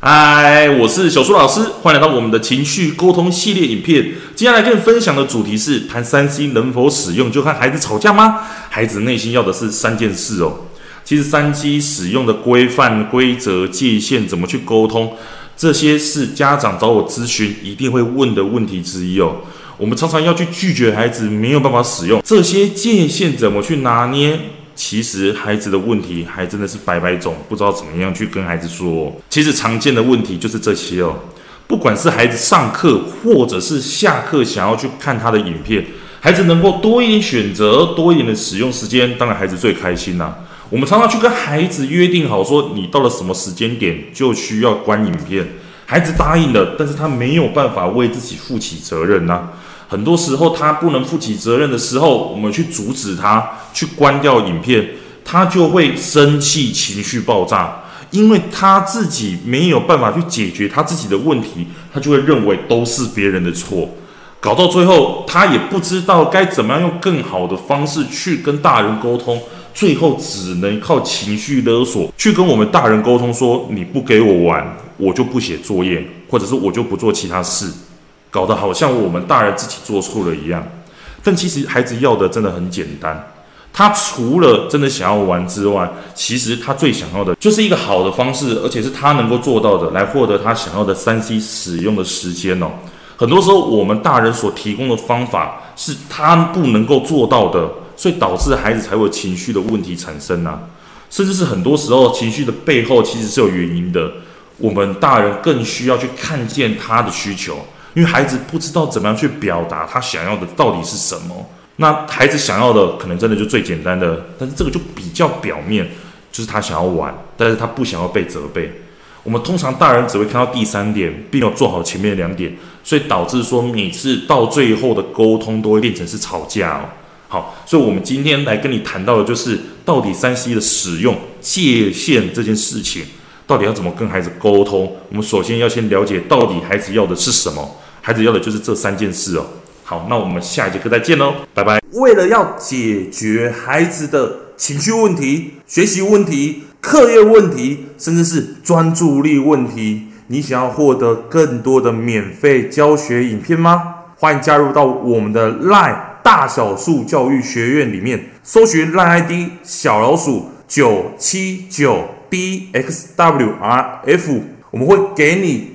嗨，Hi, 我是小蘇老師，歡迎來到我們的情緒溝通系列影片。接下來跟你分享的主題是談三 C 能否使用，就和孩子吵架嗎？孩子內心要的是三件事哦。其實三 C 使用的規範、規則、界限怎麼去溝通，這些是家長找我諮詢一定會問的問題之一哦。我們常常要去拒絕孩子，沒有辦法使用這些界限，怎麼去拿捏？其實孩子的問題，還真的是百百種，不知道怎麼樣去跟孩子說、哦。其實常見的問題就是這些哦，不管是孩子上課或者是下課想要去看他的影片，孩子能夠多一點選擇，多一點的使用時間，當然孩子最開心啦、啊。我們常常去跟孩子約定好說，你到了什麼時間點就需要關影片，孩子答應了，但是他沒有辦法為自己負起責任呢、啊。很多時候，他不能負起責任的時候，我們去阻止他，去關掉影片，他就會生氣，情緒爆炸，因為他自己沒有辦法去解決他自己的問題，他就會認為都是別人的錯，搞到最後，他也不知道該怎麼樣用更好的方式去跟大人溝通，最後只能靠情緒勒索去跟我們大人溝通說，說你不給我玩，我就不寫作業，或者是我就不做其他事。搞得好像我們大人自己做錯了一樣，但其實孩子要的真的很簡單。他除了真的想要玩之外，其實他最想要的就是一個好的方式，而且是他能夠做到的，來獲得他想要的三 C 使用的時間哦。很多時候，我們大人所提供的方法是他不能夠做到的，所以導致孩子才會有情緒的問題產生吶、啊。甚至是很多時候，情緒的背後其實是有原因的。我們大人更需要去看見他的需求。因為孩子不知道怎麼樣去表達他想要的到底是什麼，那孩子想要的可能真的就最簡單的，但是這個就比較表面，就是他想要玩，但是他不想要被責備。我們通常大人只會看到第三點，並沒有做好前面兩點，所以導致說每次到最後的溝通都會變成是吵架哦。好，所以我們今天來跟你談到的就是到底 3C 的使用界限這件事情，到底要怎麼跟孩子溝通？我們首先要先了解到底孩子要的是什麼。孩子要的就是這三件事哦。好，那我們下一節課再見嘍，拜拜。為了要解決孩子的情緒問題、學習問題、課業問題，甚至是專注力問題，你想要獲得更多的免費教學影片嗎？歡迎加入到我們的 LINE 大小樹教育學院裡面，搜尋 LINE ID 小老鼠九七九 d x w r f，我們會給你，